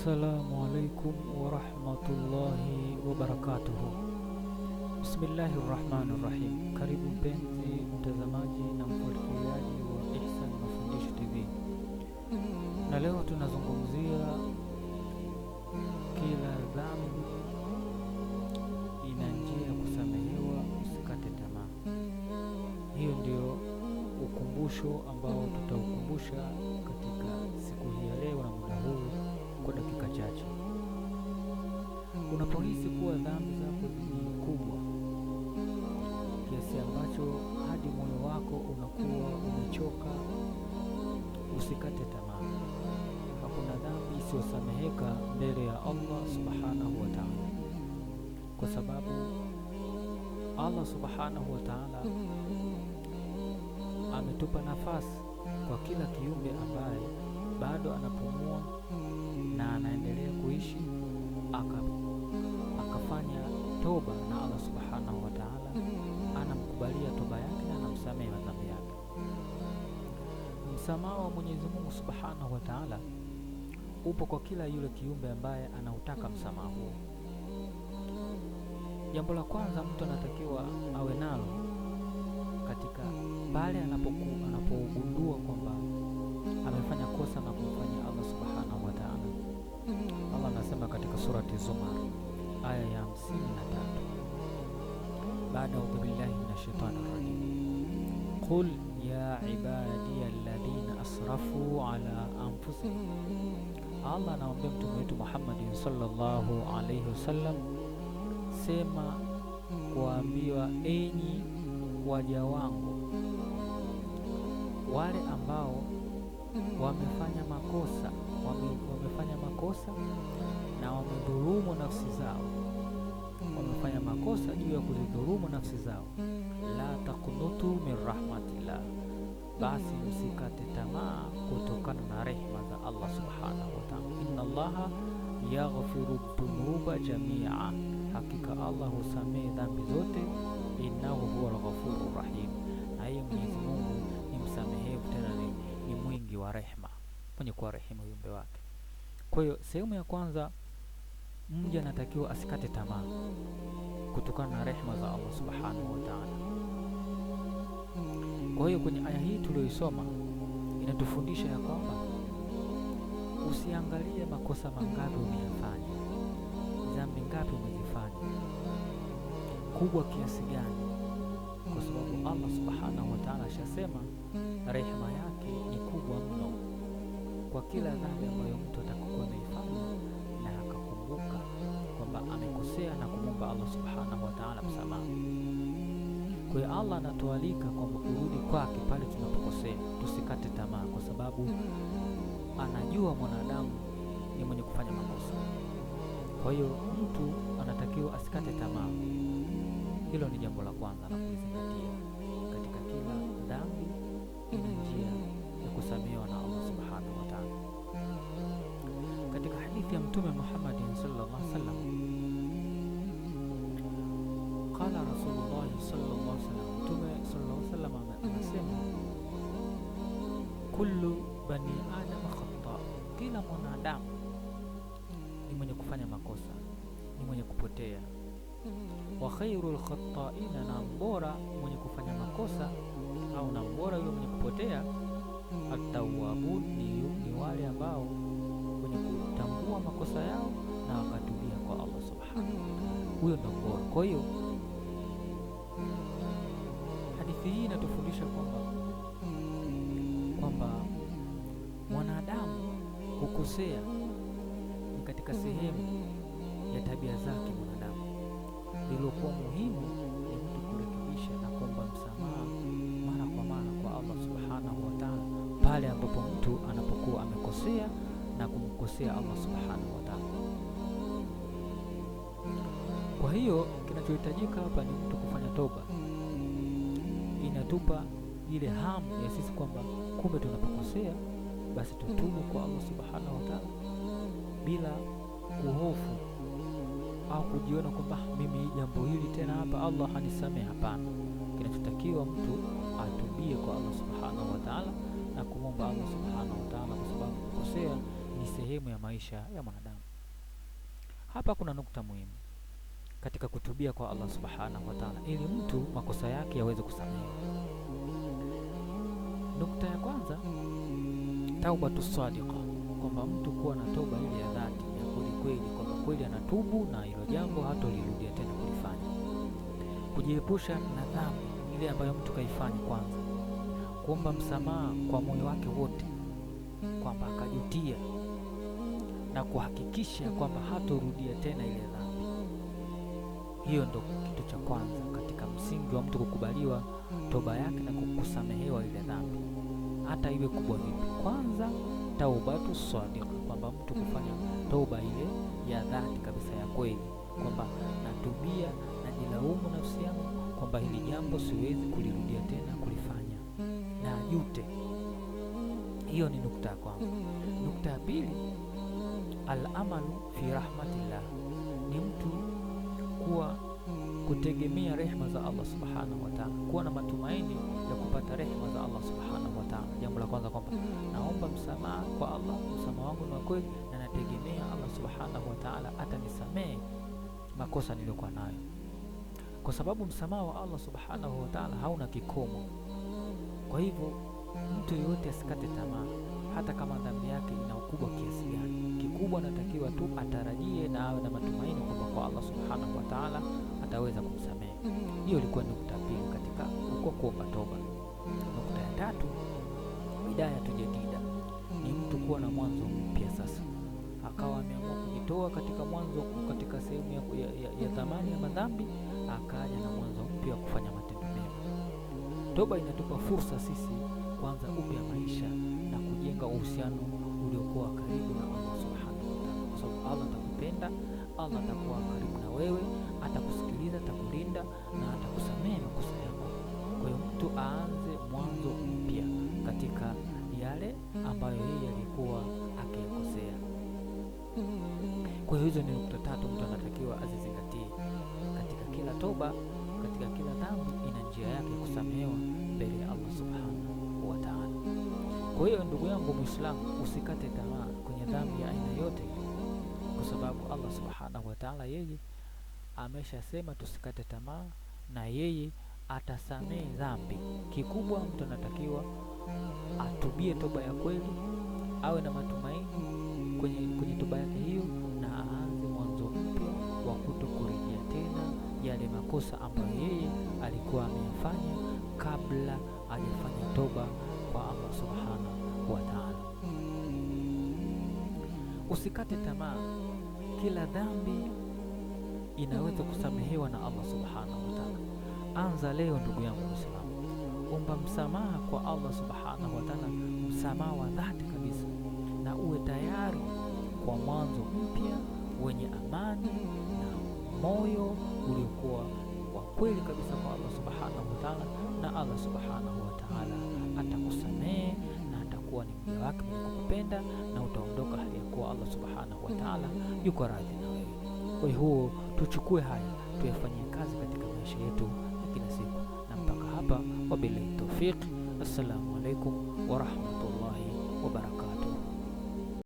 Assalamu alaikum warahmatullahi wabarakatuhu. Bismillahi rahmani rahim. Karibu mpenzi mtazamaji na mfuatiliaji wa Ihsan Mafundisho TV, na leo tunazungumzia kila dhambi ina njia ya kusamehewa, usikate tamaa. Hiyo ndio ukumbusho ambao tutaukumbusha katika Unapohisi kuwa dhambi zako ni kubwa kiasi ambacho hadi moyo wako unakuwa umechoka, usikate tamaa. Hakuna dhambi isiyosameheka mbele ya Allah subhanahu wa ta'ala, kwa sababu Allah subhanahu wa ta'ala ametupa nafasi kwa kila kiumbe ambaye bado anapumua na anaendelea kuishi aka kufanya toba na Allah subhanahu wa taala mm-hmm. anamkubalia toba yake na anamsamehe madhambi yake. Msamaha wa Mwenyezi Mungu subhanahu wa taala upo kwa kila yule kiumbe ambaye anautaka msamaha huo. Jambo la kwanza mtu anatakiwa awe nalo katika pale anapokuwa anapogundua kwamba amefanya kosa na kumfanyia Allah subhanahu wa taala. Mm-hmm. Allah anasema katika surati Zumar aya ya hamsini na baada audhu billahi min ashaitani rajim qul ya ibadiya alladhina asrafu ala anfusihim Allah anaambia mtume wetu Muhammadin sallallahu alaihi wasallam sema kuambiwa enyi waja wangu wale ambao wamefanya makosa wame, wamefanya makosa na wamedhulumu nafsi zao, wamefanya makosa juu ya kuzidhulumu nafsi zao. La takunutu min rahmatillah, basi msikate tamaa kutokana na rehma za Allah subhanahu wa ta'ala. Inna Allaha yaghfiru dhunuba jamia, hakika Allah husamehe dhambi zote. Innahu huwa al-ghafuru rahim, na yeye Mwenyezi Mungu ni msamehevu tena ni mwingi wa rehma kuwa kuwarehemu viumbe wake. Kwa hiyo sehemu ya kwanza, mja anatakiwa asikate tamaa kutokana na rehema za Allah subhanahu wa ta'ala. Kwa hiyo kwenye aya hii tuliyoisoma inatufundisha ya kwamba usiangalie makosa mangapi umeyafanya, dhambi ngapi umezifanya, kubwa kiasi gani, kwa sababu Allah subhanahu wa ta'ala ashasema rehema yake ni kubwa mno kwa kila dhambi ambayo mtu atakokuwa ameifanya na akakumbuka kwamba amekosea na kumwomba Allah subhanahu wa ta'ala msamaha. Kwa hiyo Allah anatualika kwamba kurudi kwake pale tunapokosea, tusikate tamaa, kwa sababu anajua mwanadamu ni mwenye kufanya makosa. Kwa hiyo mtu anatakiwa asikate tamaa. Hilo ni jambo la kwanza la kuzingatia katika kila dhambi, ina njia ya kusamehewa na Allah subhanahu wa ta'ala katika hadithi ya Mtume Muhammad sallallahu alaihi wasallam, qala Rasulullah sallallahu alaihi wasallam, Mtume sallallahu alaihi wasallam anasema, kullu bani adam khata, kila mwanadamu ni mwenye kufanya makosa, ni mwenye kupotea. Wa khairul khata'ina, na mbora mwenye kufanya makosa au na mbora yule mwenye kupotea, atawabu ni wale ambao wenye kutambua makosa yao na wakatulia kwa Allah subhanahu wa ta'ala, mm-hmm. huyo ndio bora. Kwa hiyo hadithi hii inatufundisha kwamba mm-hmm. kwamba mwanadamu hukosea, ni katika sehemu ya tabia zake mwanadamu. Lililokuwa muhimu ni mtu kurekebisha na kuomba msamaha mara kwa mara kwa Allah subhanahu wa ta'ala pale ambapo mtu anapokuwa amekosea na kumkosea Allah subhanahu wa ta'ala. Kwa hiyo kinachohitajika hapa ni mtu kufanya toba, inatupa ile hamu ya sisi kwamba kumbe tunapokosea basi tutubu kwa Allah subhanahu wa ta'ala bila kuhofu au kujiona kwamba ah, mimi jambo hili tena hapa Allah hanisamehe. Hapana, kinachotakiwa mtu atubie kwa Allah sehemu ya maisha ya mwanadamu. Hapa kuna nukta muhimu katika kutubia kwa Allah subhanahu wa ta'ala, ili mtu makosa yake yaweze kusamehewa. Nukta ya kwanza, taubatu sadiqa, kwamba mtu kuwa na toba ile ya dhati ya kweli kweli, kwamba kweli anatubu na hilo jambo hatolirudia tena kulifanya, kujiepusha na dhambi ile ambayo mtu kaifanya kwanza, kuomba msamaha kwa moyo wake wote, kwamba akajutia na kuhakikisha kwamba hatorudia tena ile dhambi. Hiyo ndo kitu cha kwanza katika msingi wa mtu kukubaliwa toba yake na kukusamehewa ile dhambi, hata iwe kubwa vipi. Kwanza taubatu sadiqa, kwamba mtu kufanya toba ile ya dhati kabisa ya kweli, kwamba natubia, najilaumu nafsi yangu kwamba hili jambo siwezi kulirudia tena kulifanya, na jute. Hiyo ni nukta ya kwanza. Nukta ya pili Al-amalu fi rahmatillah ni mtu kuwa kutegemea rehma za Allah subhanahu wa ta'ala, kuwa na matumaini ya kupata rehma za Allah subhanahu wa ta'ala. Jambo la kwanza kwamba naomba msamaha kwa Allah, msamaha wangu ni wa kweli na nategemea Allah subhanahu wa ta'ala atanisamehe makosa niliyokuwa nayo, kwa sababu msamaha wa Allah subhanahu wa ta'ala hauna kikomo. Kwa hivyo mtu yeyote asikate tamaa, hata kama dhambi yake ina ukubwa kiasi gani kikubwa anatakiwa tu atarajie na awe na matumaini kwamba kwa Allah subhanahu wa taala ataweza kumsamehe. Hiyo ilikuwa nukta pili katika huko kuomba toba. Nukta ya tatu, bidayatu jadida, ni mtu kuwa na mwanzo mpya. Sasa akawa ameamua kujitoa katika mwanzo, katika sehemu ya, ya, ya thamani ya madhambi, akaja na mwanzo mpya wa kufanya matendo mema. Toba inatupa fursa sisi kuanza upya maisha na kujenga uhusiano uliokuwa karibu na Allah sababu Allah atakupenda, Allah atakuwa karibu na wewe, atakusikiliza, atakulinda na atakusamehe makosa yako. Kwa hiyo mtu aanze mwanzo mpya katika yale ambayo yeye alikuwa akikosea. Kwa hiyo hizo ni nukta tatu mtu anatakiwa azizingatie katika kila toba, katika kila dhambi ina njia yake kusamehewa mbele ya Allah subhanahu wa ta'ala. Kwa hiyo ndugu yangu Muislamu, usikate tamaa kwenye dhambi ya aina yote kwa sababu Allah subhanahu wa ta'ala yeye ameshasema tusikate tamaa na yeye atasamehe dhambi. Kikubwa mtu anatakiwa atubie toba ya kweli, awe na matumaini kwenye, kwenye toba yake hiyo, na aanze mwanzo mpya wa kutokurejea tena yale makosa ambayo yeye alikuwa ameyafanya kabla hajafanya toba kwa Allah subhanahu wa ta'ala. Usikate tamaa. Kila dhambi inaweza kusamehewa na Allah subhanahu wa taala. Anza leo ndugu yangu Muislamu, omba msamaha kwa Allah subhanahu wa taala, msamaha wa dhati kabisa, na uwe tayari kwa mwanzo mpya wenye amani na moyo uliokuwa wa kweli kabisa kwa Allah subhanahu wa taala, na Allah subhanahu wa taala atakusamehe kuwa ni mja wake mwenye kukupenda na utaondoka hali ya kuwa Allah subhanahu wa taala yuko radhi na wewe. Kwa hiyo tuchukue haya tuyafanyie kazi katika maisha yetu ya kila siku. Na mpaka hapa, wabillahi taufiq. Assalamu alaikum warahmatullahi wabarakatuh.